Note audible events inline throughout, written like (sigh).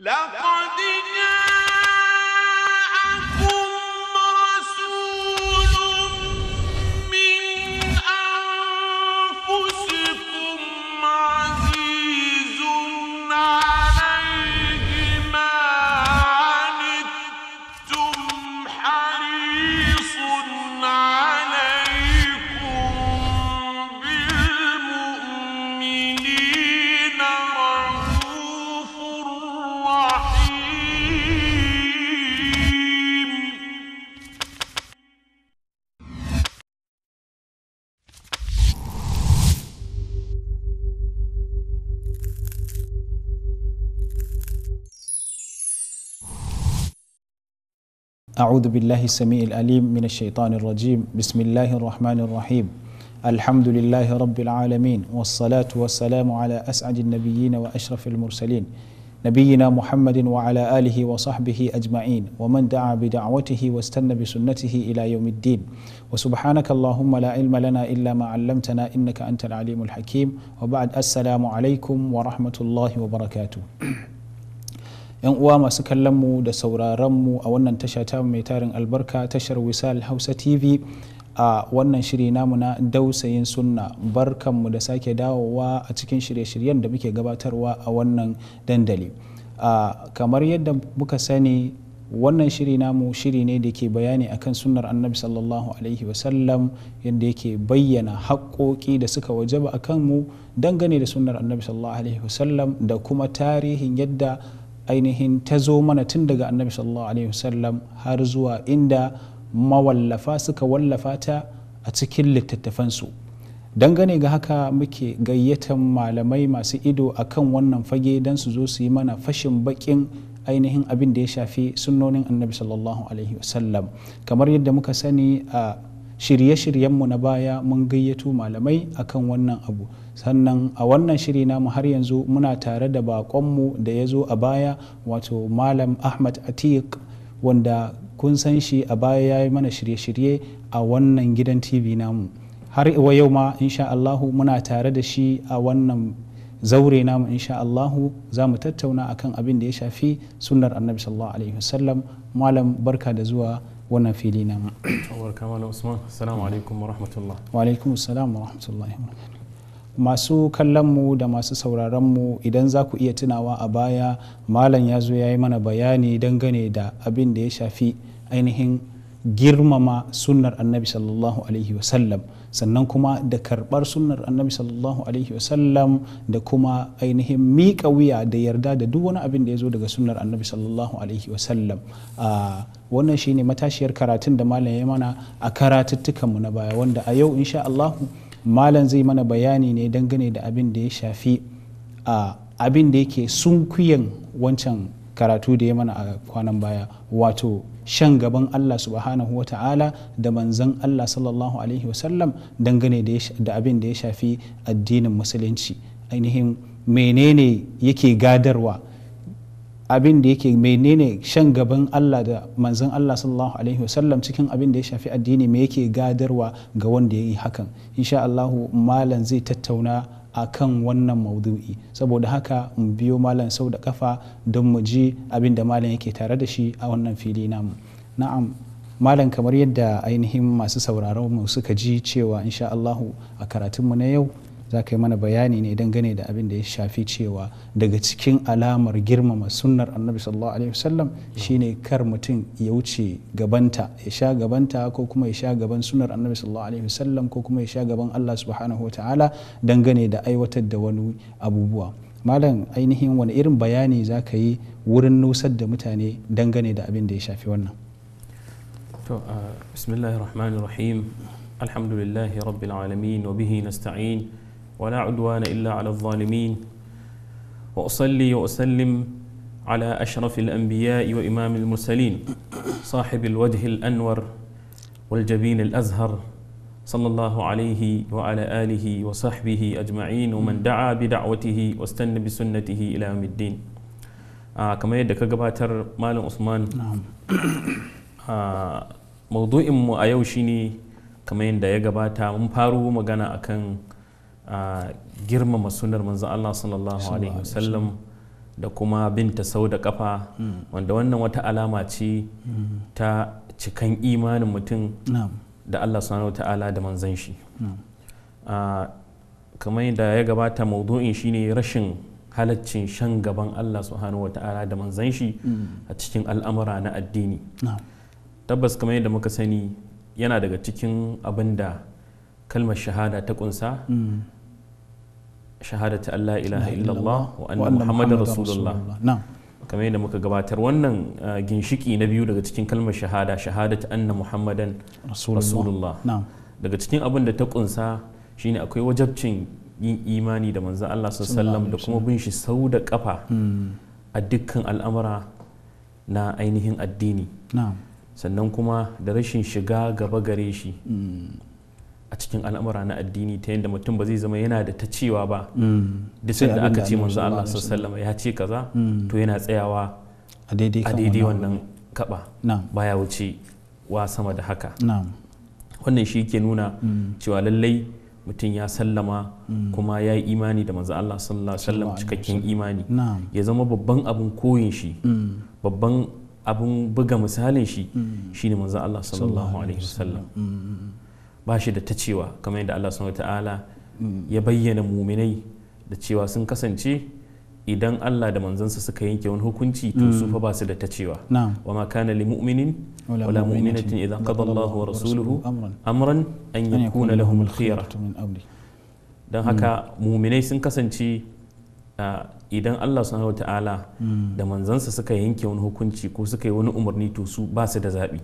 لقد أعوذ بالله السميع الأليم من الشيطان الرجيم بسم الله الرحمن الرحيم الحمد لله رب العالمين والصلاة والسلام على أسعد النبيين وأشرف المرسلين نبينا محمد وعلى آله وصحبه أجمعين ومن دعا بدعوته واستنى بسنته إلى يوم الدين وسبحانك اللهم لا علم لنا إلا ما علمتنا إنك أنت العليم الحكيم وبعد السلام عليكم ورحمة الله وبركاته 'yan uwa masu kallon mu da sauraron mu a wannan tasha ta mai tarin albarka tashar wisal hausa tv a wannan shiri namu na dausayin sunna barkan mu da sake dawowa a cikin shirye-shiryen da muke gabatarwa a wannan dandali kamar yadda muka sani wannan shiri namu shiri ne da ke bayani akan sunnar annabi sallallahu alaihi wasallam yadda yake bayyana haƙoƙi da suka wajaba a kanmu dangane da sunnar annabi sallallahu alaihi wasallam da kuma tarihin yadda ainihin ta zo mana tun daga annabi sallallahu alaihi wasallam har zuwa inda mawallafa suka wallafa ta a cikin littattafansu dangane ga haka muke gayyatan malamai masu ido a kan wannan fage don su zo su yi mana fashin bakin ainihin abin da ya shafi sunnonin annabi sallallahu alaihi wasallam kamar yadda muka sani a shirye-shiryenmu na baya mun gayyato malamai akan wannan abu sannan a wannan shiri namu har yanzu muna tare da bakonmu da ya zo a baya wato malam ahmad atiq wanda kun san shi a baya ya yi mana shirye-shirye a wannan gidan tv namu har wa yau ma insha Allahu muna tare da shi a wannan zaure namu insha Allahu za mu tattauna akan abin da ya shafi sunnar annabi sallallahu alaihi wasallam malam barka da zuwa wannan fili namu. Barka malam Usman. Assalamu alaikum wa rahmatullah. Wa alaikum assalam wa rahmatullahi wa barakatuh. masu kallonmu da masu sauraronmu idan za ku iya tunawa a baya malam ya zo ya yi mana bayani dangane da abin da ya shafi ainihin girmama sunnar annabi sallallahu alaihi wasallam sannan kuma da karbar sunnar annabi sallallahu alaihi wasallam da kuma ainihin miƙa wuya da yarda da duk wani abin da ya zo daga sunnar annabi sallallahu alaihi wasallam wannan shine matashiyar karatun da malam ya mana a karatuttukanmu na baya wanda a yau insha Allahu malam zai mana bayani ne dangane da abin da ya shafi a abin da yake sunkuyen wancan karatu da ya mana a kwanan baya wato shan gaban Allah subhanahu wa ta'ala da manzan Allah sallallahu alaihi wasallam dangane da abin da ya shafi addinin musulunci ainihin menene yake gadarwa abin da yake menene shan gaban Allah da manzon Allah sallallahu alaihi wasallam cikin abin da ya shafi addini me yake gadarwa ga wanda ya yi hakan insha Allah malam zai tattauna a kan wannan maudu'i saboda haka mu biyo malam sau da kafa don mu ji abin da malam yake tare da shi a wannan fili namu na'am malam kamar yadda ainihin masu sauraron mu suka ji cewa insha Allah a karatunmu na yau za ka yi mana bayani ne dangane da abin da ya shafi cewa daga cikin alamar girmama sunnar annabi sallallahu alaihi wasallam shine kar mutum ya wuce gabanta ya sha gabanta ko kuma ya sha gaban sunnar annabi sallallahu alaihi wasallam ko kuma ya sha gaban Allah subhanahu wa ta'ala dangane da aiwatar da wani abubuwa malam ainihin wani irin bayani za ka yi wurin nusar da mutane dangane da abin da ya shafi wannan to ah, bismillahir rahmanir rahim alhamdulillahi rabbil alamin wa bihi nasta'in ولا عدوان إلا على الظالمين وأصلي وأسلم على أشرف الأنبياء وإمام المرسلين صاحب الوجه الأنور والجبين الأزهر صلى الله عليه وعلى آله وصحبه أجمعين ومن دعا بدعوته واستنى بسنته إلى يوم الدين آه كما يدك قباتر مال عثمان نعم آه موضوع مو أيوشيني كما يدك قباتر من مغانا أكن girmama sunar manzon Allah sallallahu alaihi wasallam da kuma binta sau da kafa hmm. wanda wannan wata alama ce hmm. ta cikan imanin mutum da Allah subhanahu ta'ala da manzan shi kamar yadda ya gabata maudu'in shine rashin halaccin shan gaban Allah subhanahu ta'ala da manzan shi hmm. a cikin al'amura na addini tabbas kamar yadda muka sani yana daga cikin abin da kalmar shahada ta kunsa shahadata Allah ilaha illallah wa anna muhammadar rasulullah muka gabatar wannan ginshiki na biyu daga cikin kalmar shahada shahadata anna muhammadan rasulullah daga cikin abin da ta kunsa shine akwai wajabcin yin imani da manzan Allah sallam da kuma bin da ƙafa a dukkan al'amura na ainihin addini sannan kuma da rashin shiga gaba gare shi a cikin al'amura na addini ta yadda mutum ba zai zama yana da ta cewa ba mm. Da sun da aka ce manzo Allah sallallahu ya ce kaza mm. to yana tsayawa a daidai wannan kaba baya wuce wa sama da haka wannan shi ke nuna mm. cewa lallai mutum ya sallama kuma ya yi imani da manzo Allah sallallahu alaihi wasallam cikakken imani ya zama babban abin koyin shi babban abin buga misalin shi shine manzo Allah sallallahu alaihi wasallam ba shi da ta cewa kamar yadda Allah subhanahu ta'ala ya bayyana muminai da cewa sun kasance idan Allah da manzansa suka yanke wani hukunci to su fa ba su da ta cewa wa ma kana lil mu'minin wala mu'minatin idza qada Allahu wa rasuluhu amran an yakuna lahum al khiyara dan haka hmm. muminai sun kasance idan Allah subhanahu ta'ala hmm. da manzansa suka yanke wani hukunci ko suka yi wani umarni to su ba su da zabi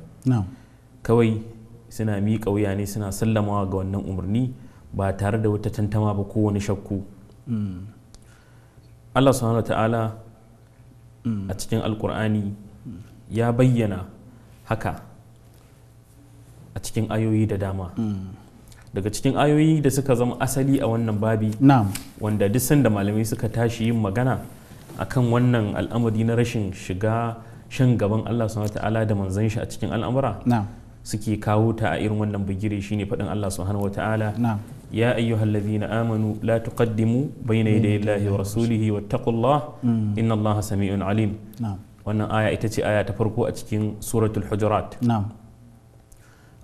kawai suna miƙa wuya ne suna sallamawa ga wannan umarni ba tare da wata tantama ba ko wani shakku Allah subhanahu ta'ala a cikin alkur'ani ya bayyana haka a cikin ayoyi da dama daga cikin ayoyi da suka zama asali a wannan babi wanda duk sanda malamai suka tashi yin magana akan wannan al'amari na rashin shiga shan gaban Allah subhanahu ta'ala da manzon shi a cikin al'amura suke kawo ta a irin wannan bigire shine faɗin Allah subhanahu wataala ya ayyuhallazina amanu la tuqaddimu bayna yaday mm. Allahi wa rasulihi wattaqullah mm. inna Allaha sami'un alim wannan aya ita ce aya ta farko a cikin suratul hujurat a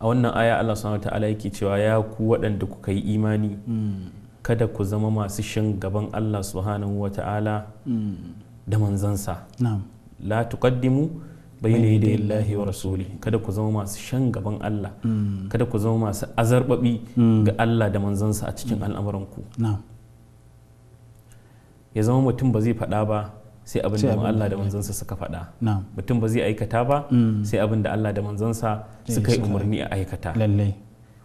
wannan aya Allah subhanahu wataala yake cewa ya ku waɗanda kuka yi imani mm. kada ku zama masu shin gaban Allah subhanahu ta'ala da manzansa la tuqaddimu bayna da Allahi wa mm. rasuli kada ku zama masu shan gaban Allah mm. kada ku zama masu azarbabi mm. ga Allah da manzansa a cikin al'amuranku ya zama mutum ba zai faɗa ba sai abin da Allah da manzansa suka faɗa mutum ba zai aikata ba sai abin da Allah da manzansa suka yi umarni a aikata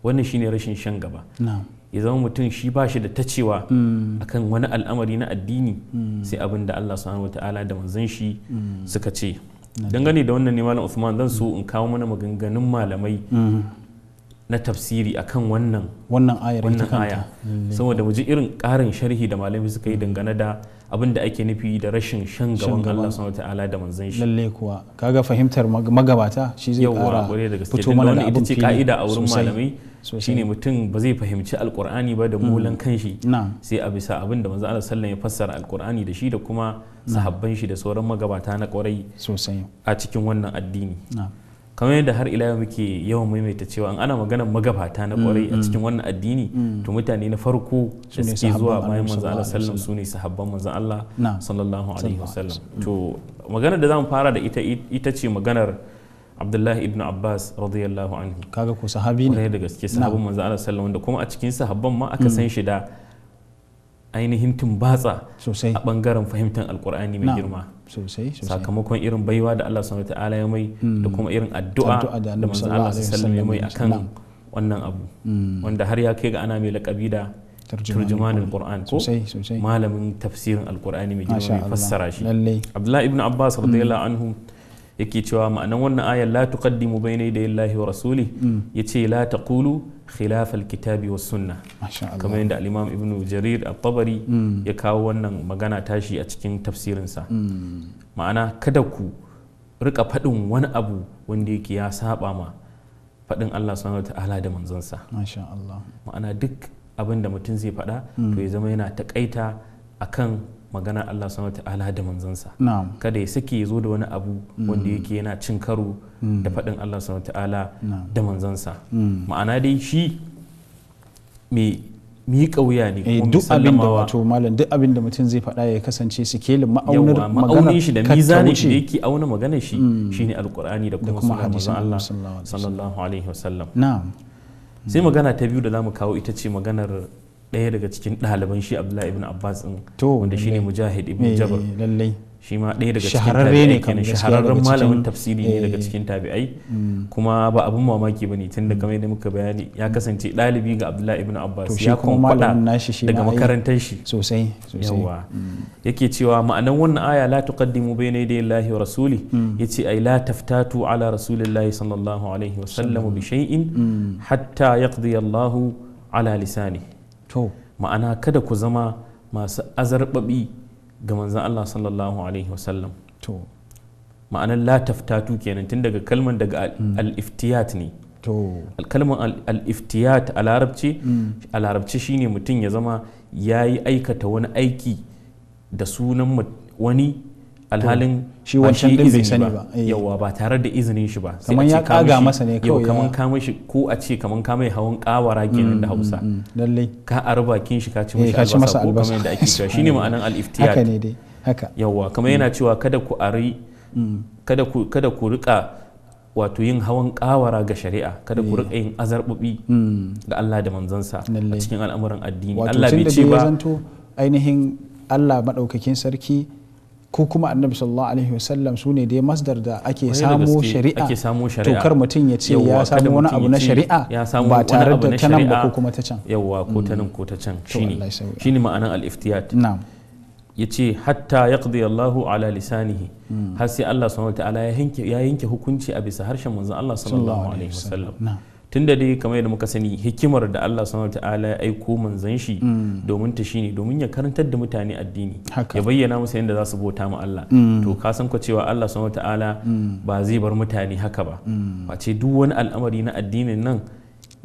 wannan shine rashin shan gaba ya zama mutum shi ba shi da ta cewa akan wani al'amari na addini sai abin da Allah subhanahu wa ta'ala da manzan shi suka ce dangane da wannan ne malam usman zan so in kawo mana maganganun malamai mm-hmm. na tafsiri akan wannan wannan aya saboda mu ji irin karin sharhi da malamai suka yi dangane da abin da ake nufi da rashin shan gaban Allah subhanahu ta'ala da manzon shi lalle kuwa kaga fahimtar magabata shi zai kara fito mana da abin ita ka'ida a wurin malamai shine mutum ba zai fahimci alkur'ani ba da mulan mm. kanshi sai a bisa abin da manzo Allah sallan ya fassara alkur'ani da shi da kuma sahabban shi da sauran magabata na kwarai a cikin wannan addini kamar yadda har ila yau muke yawan maimaita cewa an ana magana magabata na kwarai a mm, mm. cikin wannan addini to mutane na farko da suke zuwa bayan manzo Allah sallam sune sahabban manzo Allah sallallahu alaihi wasallam to maganar da zamu fara da ita ita ce maganar abdullahi ibn abbas radiyallahu anhu kaga ko sahabi ne da gaske sahabin manzo Allah sallallahu wanda kuma a cikin sahabban ma aka hmm. san shi da ainihin tumbatsa sosai a bangaren fahimtar alkur'ani mai girma sosai sosai sakamakon irin baiwa da Allah subhanahu ta'ala ya mai da hmm. kuma irin addu'a da manzo Allah sallallahu ya mai akan wannan abu hmm. wanda har ya kai ga ana mai lakabi da turjumanin qur'an ko malamin tafsirin alkur'ani mai girma mai fassara shi abdullahi ibn abbas radiyallahu anhu yake cewa ma'anan wannan ayar la tuqaddimu bayna da Allahi wa rasuli mm. yace la taqulu khilaf al-kitabi was sunna kamar yadda al-Imam Ibn Jarir at-Tabari mm. ya kawo wannan magana tashi a cikin tafsirinsa mm. ma'ana kada ku rika faɗin wani abu wanda yake ya saba ma faɗin Allah subhanahu ta'ala da manzonsa ma'ana duk abin da mutum zai faɗa to ya zama yana takaita akan magana Allah subhanahu ta'ala da manzansa kada ya sake ya zo da wani abu mm. wanda yake yana cin karo mm. da faɗin Allah subhanahu ta'ala da manzansa mm. ma'ana dai shi mai miƙa wuya ne eh, duk abin da wato malam duk abin da mutum zai faɗa ya kasance su sikelin ma'aunar magana shi da mizanin shi da yake auna magana shi shine alqur'ani da kuma hadisin Allah sallallahu alaihi wasallam na'am sai magana ta biyu da zamu kawo ita ce maganar ɗaya daga cikin ɗaliban shi abdullahi ibn abbas din wanda shine mujahid ibn eh, jabr shi ma ɗaya daga cikin tabi'ai shahararren malamin tafsiri ne daga eh, cikin tabi'ai mm. kuma ba abin mamaki ne tun da mm. kamar yadda muka bayani ya mm. kasance ɗalibi ga abdullahi ibn abbas ya kwankwada daga eh, makarantar shi sosai yawa yake cewa ma'anan wannan aya la tuqaddimu bayna yaday llahi wa rasuli yace ai la taftatu ala rasulillahi sallallahu alaihi wa sallam bi shay'in hatta yaqdi Allahu ala lisani ma'ana kada ku zama masu azarbabi ga manzan Allah sallallahu alaihi wasallam ma'anar la taftatu kenan tun daga kalman daga hmm. al-iftiyat ne kalman al-iftiyat a larabci hmm. a larabci shine mutum ya zama ya yi aikata wani aiki da sunan wani alhalin shi wancan din bai sani ba eh. yawa ba tare da izinin shi ba kamar ya kaga masa ne kawai kamar ka mishi ko a ce kamar ka mai hawan kawara mm, kenan da mm, Hausa mm, lalle ka arba kin shi eh, ka ci masa albasa ko kamar yadda ake cewa shine ma'anan (laughs) al-iftiyat haka ne dai haka yawa kamar yana cewa kada ku ari kada ku kada ku rika wato yin hawan kawara ga shari'a kada ku eh. rika yin azarbubi ga Allah da manzansa a cikin al'amuran addini Allah bai ce ba ainihin Allah maɗaukakin sarki ko kuma annabi sallallahu alaihi wasallam su ne dai masdar da ake samo shari'a tokar mutum ya ce ya samu wani abu na shari'a ba tare da ta nan ba ko kuma ta can yawwa ko ta mm. nan ko ta can shine shine ma'anan al-iftiyat na'am yace hatta yaqdi yallahu ala lisanihi mm. har sai Allah subhanahu wa ta'ala ya yanke hukunci a bisa harshen manzon Allah sallallahu alaihi wasallam tun da dai kamar yadda muka sani hikimar da Allah subhanahu ta'ala ya aiko manzon shi mm. domin ta shine domin ya karantar da mutane addini ya bayyana musu yadda za su bauta ma Allah mm. to ka san ku cewa Allah subhanahu ta'ala mm. ba zai bar mutane haka ba face duk wani al'amari na addinin nan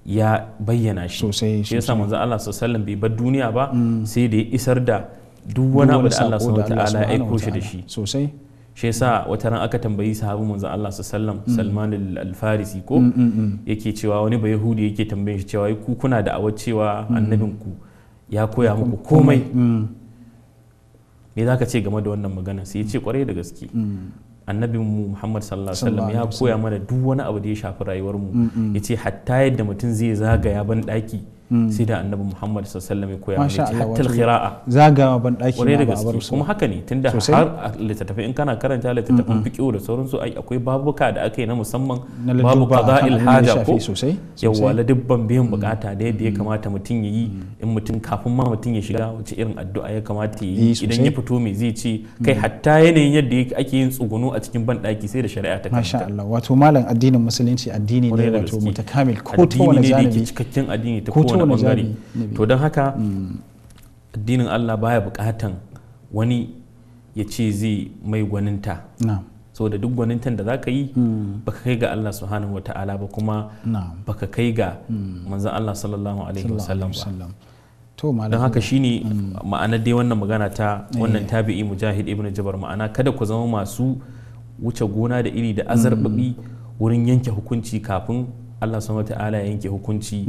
ya bayyana shi sosai shi yasa manzon Allah sallallahu bai bar duniya ba sai da ya isar da duk wani abu da Allah subhanahu ta'ala ya aiko shi da shi sosai shi yasa wata ran aka tambayi sahabin manzon Allah sallam mm. Salman al-Farisi ko mm, mm, yake cewa wani ba Yahudi yake tambayin shi cewa ku kuna da awar cewa annabin ku ya koya muku komai me zaka ce game da wannan magana sai ya ce kwarai da gaske annabin mu Muhammad sallallahu alaihi wasallam ya koya mana duk wani abu da ya shafi rayuwar mu yace hatta yadda mutum zai zagaya ban daki Mm. sai da annabi muhammad sallallahu alaihi wasallam ya koya mana hatta alqira'a zagawa ban daki ba ba bar kuma haka ne tunda har littattafai in kana karanta littattafan fiqh da sauransu ai akwai babuka da aka yi na musamman babu qada'il haja ko yawa la dubban biyan mm. bukata da yadda ya mm. kamata mutum ya yi in mutum kafin ma mutum ya shiga wace irin addu'a ya kamata ya yi idan ya fito me zai ce kai hatta yanayin yadda ake yin tsugunu a cikin ban daki sai da shari'a ta masha Allah wato malam addinin musulunci addini ne wato mutakamil ko ta wani ne cikakken addini ta ko kowane bangare to don haka hmm. addinin Allah baya bukatan wani ya ce zai mai gwaninta saboda duk gwanintan da za ka yi hmm. baka kai ga Allah subhanahu wata'ala ba kuma baka kai ga hmm. manzan Allah sallallahu alaihi wasallam ba don haka shine ma'anar dai wannan magana ta eh. wannan tabi'i mujahid ibn jabar ma'ana kada ku zama masu wuce gona da iri da azarbabi wurin yanke hukunci kafin Allah subhanahu wata'ala ya yanke hukunci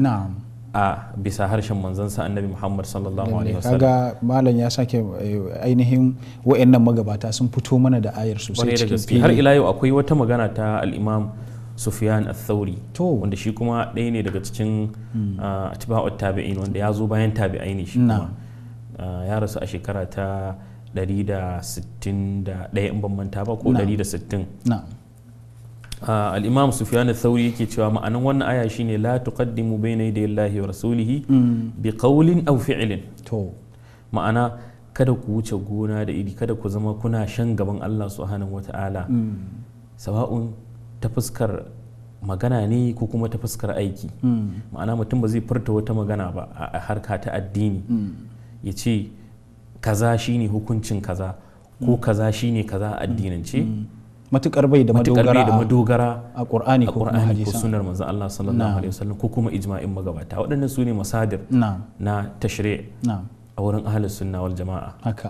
a bisa harshen manzansa annabi muhammad sallallahu alaihi wasallam kaga malam ya sake eh, ainihin wa'annan magabata sun fito mana da ayar sai cikin har ila yau akwai wata magana ta al-imam sufyan al-thawri wanda shi kuma ɗaya ne daga cikin hmm. atba'u tabi'in wanda ya zo bayan tabi'ai ne shi kuma ya rasu a shekara ta 161 in ban manta ba ko 160 al’imam imam sufyan sauri yake cewa ma'anan wannan aya shine la tuqaddimu bayna yaday Allahi wa rasulihi bi qawlin aw fi'lin to ma'ana kada ku wuce gona da iri kada ku zama kuna shan gaban Allah subhanahu wata'ala sawa'un ta fuskar magana ne ko kuma ta fuskar aiki ma'ana mutum ba zai furta wata magana ba a harka ta addini ya ce kaza shine hukuncin kaza ko kaza shine kaza addinance matukar bai da madogara a qur'ani ko sunnar manzon Allah sallallahu alaihi wasallam ko kuma ijma'in magabata waɗannan su ne masadir na tashri' a wurin ahlus sunna wal jama'a haka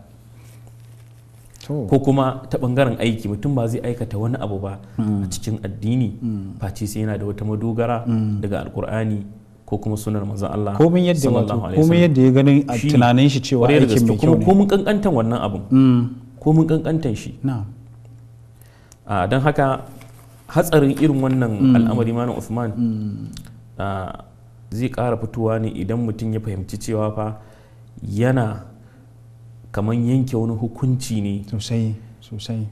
ko kuma ta bangaren aiki mutum ba zai aikata wani abu ba mm. a cikin addini mm. face sai yana da wata madogara mm. daga alqur'ani ko kuma sunar manzon Allah komai yadda ko komai yadda ya ganin a tunanin shi cewa aikin mai kyau ne kuma mun kankantan wannan abun ko mun kankantan shi na'am Ah, don haka hatsarin irin wannan mm. al'amari malam usman mm. ah, zai ƙara fitowa ne idan mutum ya fahimci cewa fa yana kamar yanke wani hukunci ne sosai sosai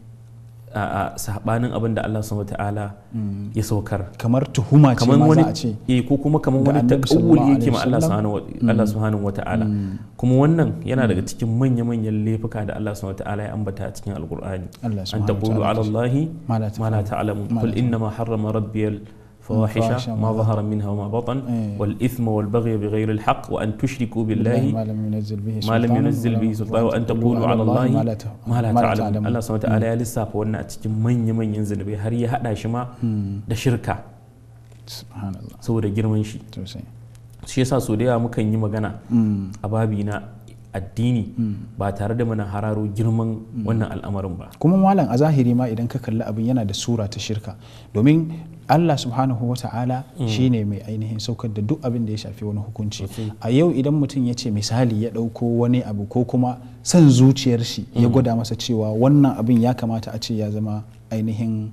a sabanin abin da Allah subhanahu ta'ala mm. ya saukar kamar tuhuma ce ma za a ce eh ko kuma kamar wani takawuli yake ma Allah subhanahu Allah mm. subhanahu wata'ala mm. kuma wannan yana daga cikin manya manyan laifuka da Allah subhanahu ta'ala ya ambata a cikin alqur'ani an taqulu ala Allah ma la ta'lamun qul inna ma harrama rabbiyal فواحش ما ظهر منها وما بطن أيه والإثم والبغي بغير الحق وأن تشركوا بالله ما لم ينزل به سلطان, ما لم ينزل به سلطان وأن تقولوا على الله ما لا تعلمون ما لا تعلمون الله سبحانه وتعالى يا lissafa wannan a cikin manya-manyan zunubai har ya haɗa shi ma da shirka saboda girman shi shi yasa so da yawa mukan yi magana a babina addini ba tare da mana hararo girman wannan al'amarin ba kuma malam a zahiri ma idan ka kalli abin yana da sura ta shirka domin Allah subhanahu wa ta'ala mm. shi ne mai ainihin saukar da duk abin da ya shafi wani hukunci a yau idan mutum ya ce misali ya ɗauko wani abu ko kuma son zuciyar shi ya mm. gwada masa cewa wannan abin ya kamata a ce ya zama ainihin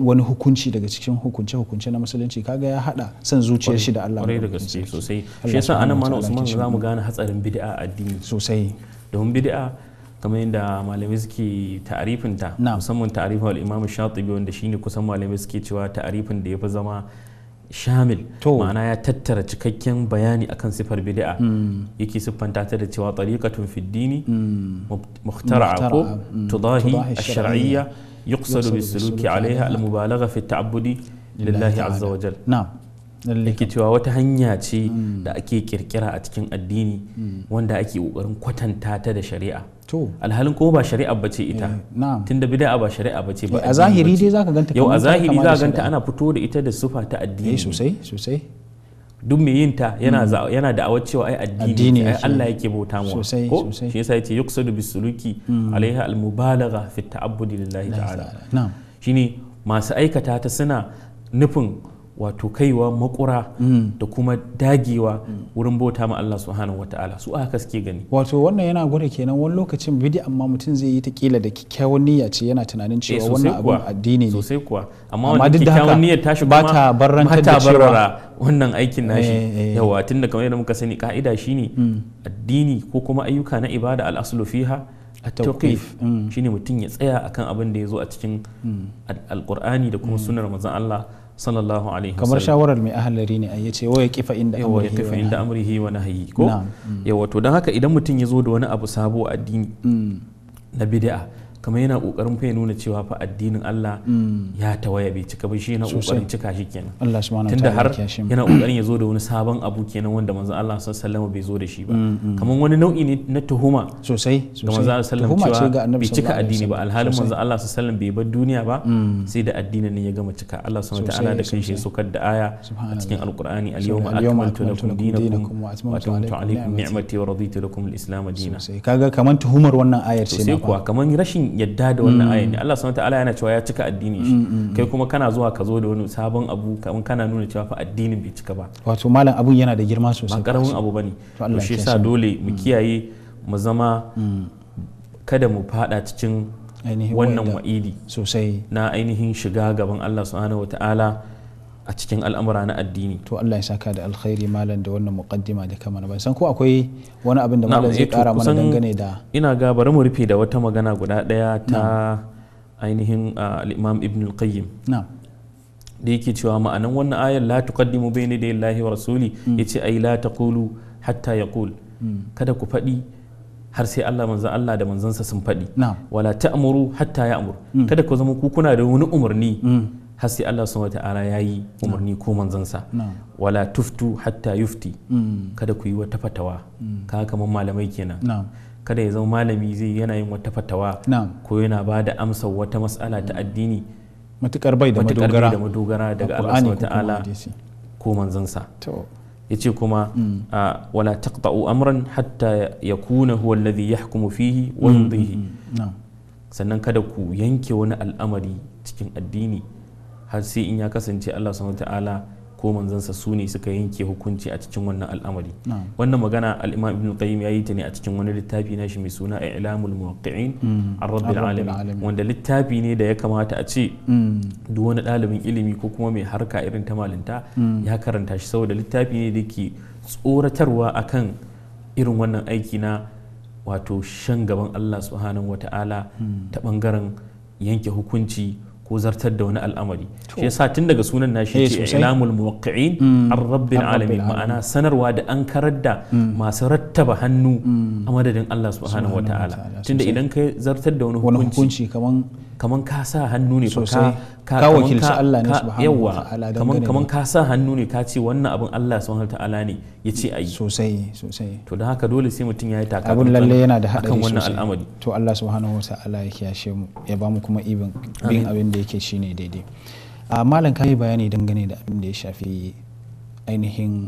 wani hukunci daga cikin hukunce-hukunce na musulunci kaga ya hada son zuciyar shi da Allah kwarai da gaske sosai shi yasa anan mana Usman za mu gane hatsarin bid'a addini sosai domin bid'a kamar yadda malamai suke ta musamman ta'arifin al-Imam Shatibi wanda shine kusan malamai suke cewa ta'arifin da ya fi zama شامل معنا يا تتر تككين بياني أكن سفر بدعة يكي سبحان تعتر تيوا طريقة في الدين مخترعة تضاهي الشرعية يقصد بالسلوك عليها المبالغة في التعبد لله عز وجل نعم yake cewa wata hanya ce da ake kirkira a cikin addini wanda alhalin ko ba shari'a ba ce ita eh, tunda bid'a ba shari'a ba ce ba eh, a zahiri dai zaka ganta yau a zahiri za ganta ana fito da ita da sufa ta addini eh, sosai sosai duk mai yin ta yana hmm. da awar cewa ai addini ai Allah yake bauta mu ko shi yasa yace yuksadu bisuluki hmm. alaiha almubalagha fi ta'abbudi lillahi ta'ala shine masu aikata ta suna nufin wato kaiwa makura mm. da kuma dagewa wurin bauta ma Allah subhanahu wata'ala su aka suke gani wato wannan yana gwada kenan wani lokacin bidi amma mutum zai yi ta kila da kyakkyawan niyya ce yana tunanin eh, cewa wannan abin addini ne sosai kuwa amma wannan kyakkyawan niyyar tashi kuma ta barrantar da cewa wannan aikin nashi eh, eh. yawa tunda kamar yadda muka sani ka'ida shine mm. addini ko kuma ayyuka na ibada al-aslu fiha at-tawqif mm. shine mutum ya tsaya akan abin da ya zo a cikin alqur'ani da kuma sunnar manzon Allah sallallahu alaihi kamar shawarar mai ahalari ne ya ce waya kifa inda amrihi ya kifa inda amrihi wa nahyi ko mm. yawa to dan haka idan mutum ya zo da wani abu sabo addini mm. na bid'a kamar yana kokarin fa ya nuna cewa fa addinin Allah mm. ya tawaya bai cika ba shi yana kokarin cika shi kenan Allah subhanahu tunda har yana kokarin ya zo da wani sabon abu kenan wanda manzon Allah sallallahu alaihi bai zo da shi ba mm, mm. kamar wani nau'i ne na tuhuma sosai ga manzon sallallahu alaihi cewa bai cika addini ba alhalin manzon Allah sallallahu bai bar duniya ba sai da addinin ya gama cika Allah subhanahu wataala da kan shi sokar da aya a cikin alqur'ani al-yawma akmaltu lakum dinakum wa atmamtu alaykum ni'mati wa raditu lakum al-islam dinan kaga kamar tuhumar wannan ayar ce ne kuwa kamar rashin yadda da wannan mm. ayan ne Allah subhanahu ta'ala yana cewa ya cika addini shi mm, mm, kai kuma kana zuwa ka zo da wani sabon abu kamar kana nuna cewa fa addinin bai cika ba wato malam abun yana da girma sosai ba karamin abu bane to shi yasa dole mu kiyaye mu zama kada mu fada cikin wannan wa'idi sosai na ainihin shiga gaban Allah subhanahu ta'ala. a cikin al'amura na addini to Allah ya saka da alkhairi malam da wannan muqaddima da kamar ban san ko akwai wani abin da malam zai kara eh mana dangane da ina ga bari mu rufe da wata magana guda daya ta ainihin al-Imam Ibn al-Qayyim da yake cewa ma'anan wannan ayar la tuqaddimu bayna da Allah wa rasuli mm. yace ai la taqulu hatta yaqul mm. kada ku faɗi har sai Allah manzan Allah da manzansa sun faɗi wala ta'muru hatta ya'mur mm. kada ku zama ku kuna da wani umarni har sai Allah subhanahu wata'ala ya yi umarni ko manzansa wala tuftu hatta yufti mm. kada ku yi wata fatawa mm. ka kamar malamai kenan kada ya zama malami zai yana yin wata fatawa ko yana ba da amsa wata mas'ala ta mm. addini matukar bai da madogara daga Allah subhanahu wata'ala ko manzansa ce kuma ah, wala taqta'u amran hatta yakuna huwa alladhi yahkumu fihi wa yumdihi sannan kada ku yanke wani al'amari cikin addini har sai in ya kasance Allah subhanahu ta'ala ko manzansa su ne suka yanke hukunci a cikin wannan al'amari wannan magana al-imam ibn qayyim yi ta ne a cikin wani littafi nashi mai suna i'lamul muwaqqi'in mm. an rabbil alamin wanda littafi ne da ya kamata a ce mm. duk wani ɗalibin ilimi ko kuma mai harka irin ta malinta mm. ya karanta shi saboda littafi ne da ke tsoratarwa akan irin wannan aiki na wato shan gaban Allah subhanahu wata'ala ta bangaren yanke hukunci ko zartar da wani al'amari shi yasa tun daga sunan nashi eh, ce ilamul muwaqqi'in mm. an rabbil alamin ma'ana sanarwa da an karar da mm. masu rattaba hannu mm. a madadin Allah subhanahu wataala tunda idan ka zartar da wani hukunci kaman kaman ka sa hannu ne fa ka wakilci Allah ne subhanahu wa ta'ala kaman kaman ka sa hannu ne ka ce wannan abin Allah subhanahu wa ta'ala ne ya ce ayi sosai sosai to dan haka dole sai mutum ya yi taka abin lalle yana da hadari akan wannan al'amari to Allah subhanahu wa ta'ala ya kiyashe mu ya ba mu kuma ibin bin abin da yake shine daidai a ah, malam kai bayani dangane da abin da ya shafi ainihin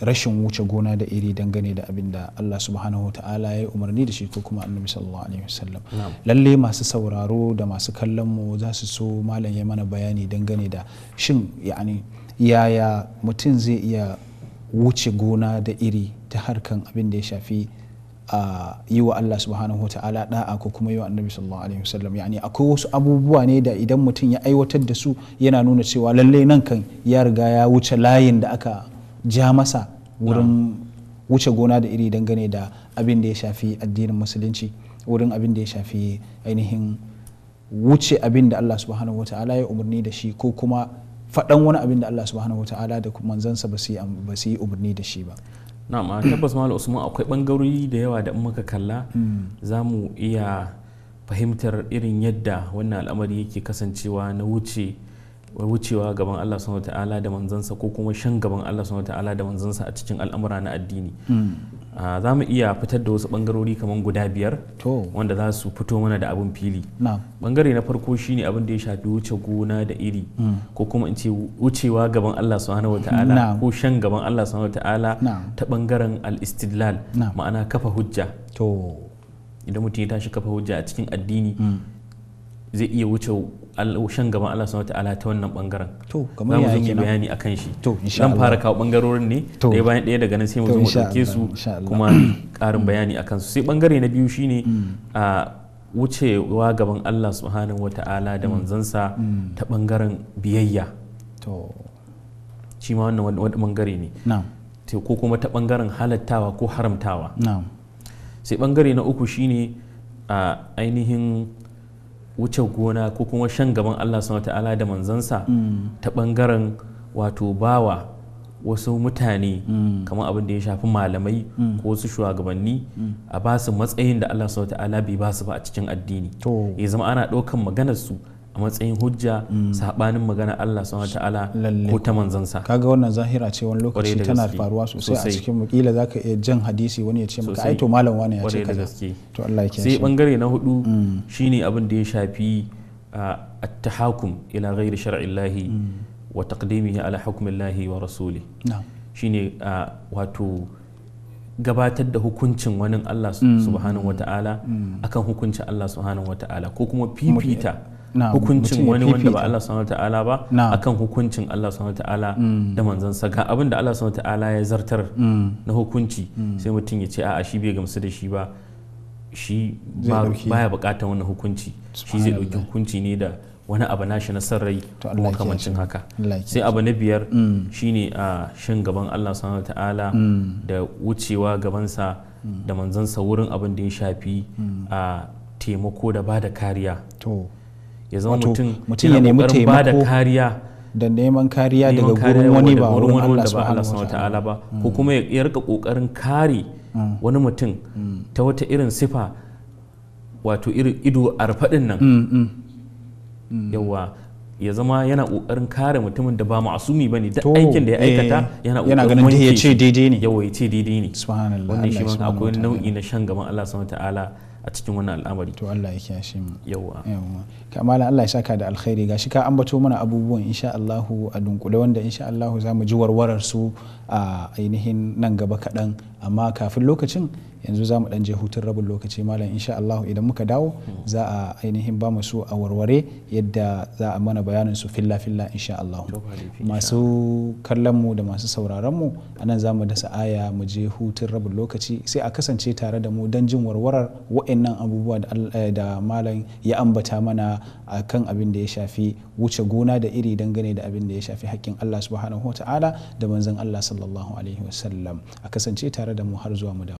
rashin wuce gona da iri dangane da abin da Allah subhanahu ta'ala ya yi umarni da shi ko kuma annabi sallallahu alaihi wasallam lalle masu sauraro da masu kallon mu za su so malam ya mana bayani dangane da shin yani yaya mutum zai iya wuce gona da iri ta harkan abin da ya shafi a yi wa Allah subhanahu ta'ala da'a ko kuma yi wa annabi sallallahu alaihi wasallam yani akwai wasu abubuwa ne da idan mutum ya aiwatar da su yana nuna cewa lalle nan kan ya riga ya wuce layin da aka ja masa wurin wuce gona da iri dangane da abin da ya shafi addinin musulunci wurin abin da ya shafi ainihin wuce abin da Allah subhanahu wata'ala ya umarni da shi ko kuma faɗan wani abin da Allah subhanahu wata'ala da manzansa ba su yi umarni da shi ba na'am a tabbas malam usman akwai bangarori da yawa da muka kalla hmm. za mu iya fahimtar irin yadda wannan al'amari yake kasancewa na wuce wucewa gaban Allah subhanahu ta'ala da manzansa ko kuma shan gaban Allah subhanahu ta'ala da manzansa a cikin al'amura na addini hmm. ah, za mu iya fitar da wasu bangarori kamar guda biyar wanda za su fito mana da abin fili bangare na farko shine abin da ya shafi wuce gona da iri hmm. ko kuma in ce wucewa gaban Allah subhanahu ta'ala ko shan gaban Allah subhanahu ta'ala ta bangaren al-istidlal ma'ana kafa hujja idan mutum ya tashi kafa hujja a cikin addini hmm. zai iya wuce shan gaban Allah subhanahu wataala ta wannan bangaren to kamar ya yi bayani kan shi to insha Allah fara kawo bangarorin ne ɗaya bayan ɗaya daga nan sai mu zo mu su kuma (clears throat) ƙarin bayani kan su sai bangare na biyu shine mm. a wucewa gaban Allah subhanahu wataala da mm. manzansa mm. ta bangaren biyayya to shi ma wannan wani bangare ne ko kuma ta bangaren halattawa ko haramtawa sai bangare na uku shine a ainihin wuce gona ko kuma shan gaban Allah subhanahu ta'ala da manzansa mm. ta bangaren wato bawa wasu mutane mm. kamar abin da ya shafi malamai mm. ko wasu shugabanni a basu matsayin da Allah subhanahu ta'ala bai basu ba a cikin addini ya zama ana ɗaukan maganar su a matsayin hujja mm. sabanin magana Allah subhanahu ta'ala ko ta manzansa kaga wannan zahira ce wani lokaci tana faruwa sosai a cikin mukila kila zaka iya jan hadisi wani ya ce maka ai to malam wani ya ce kaza to Allah ya sai bangare na hudu mm. shine abin da ya shafi at-tahakum ila ghairi Allah mm. wa taqdimihi ala Allah wa rasuli shine wato gabatar da hukuncin wani Allah subhanahu ta'ala. akan hukuncin Allah subhanahu ta'ala ko kuma fifita hukuncin wani wanda ba Allah subhanahu ta'ala ba akan hukuncin Allah subhanahu ta'ala mm. da manzon saka abin da Allah subhanahu ta'ala ya zartar mm. na hukunci mm. sai mutum ya ce a'a shi bai gamsu da shi ba shi baya bukatar wani hukunci shi zai dauki hukunci ne da wani abu nashi na san rai makamancin haka sai abu na biyar shine a shin gaban Allah subhanahu ta'ala da wucewa gabansa da manzansa wurin abin da ya shafi a taimako da ba da kariya ya zama mutum ya nemi taimako kariya da neman kariya daga gurin wani ba wurin Allah subhanahu wa ta'ala ba ko kuma ya rika kokarin kare mm. wani mutum mm. ta wata irin sifa wato irin ido a rufadin nan mm, yawa ya zama yana kokarin kare mutumin da ba ma'asumi bane duk aikin da ya eh, aikata yana kokarin ganin ya ce daidai ne yawa ya ce daidai ne subhanallah wannan shi ma akwai nau'i na shan gaban Allah subhanahu wa ta'ala a cikin wannan al'amari to Allah ya kiyashe mu yawa yawa kamala Allah ya saka da alkhairi gashi ka ambato mana abubuwan insha Allah a dunkule wanda insha Allah zamu ji warwarar su a ainihin nan gaba kaɗan amma kafin lokacin yanzu za mu dan je hutun rabin lokaci malam insha Allah idan muka dawo za a ainihin ba mu su a warware yadda za a mana bayanin su filla filla insha Allah masu kallon mu da masu sauraron mu anan za mu dasa aya mu je hutun rabin lokaci sai a kasance tare da mu dan jin warwarar wa'annan abubuwa eh, da malam ya ambata mana akan abin da ya shafi wuce gona da iri dangane da abin da ya shafi hakkin Allah subhanahu wa ta'ala da manzon Allah sallallahu alaihi wasallam a kasance tare da mu har zuwa mu da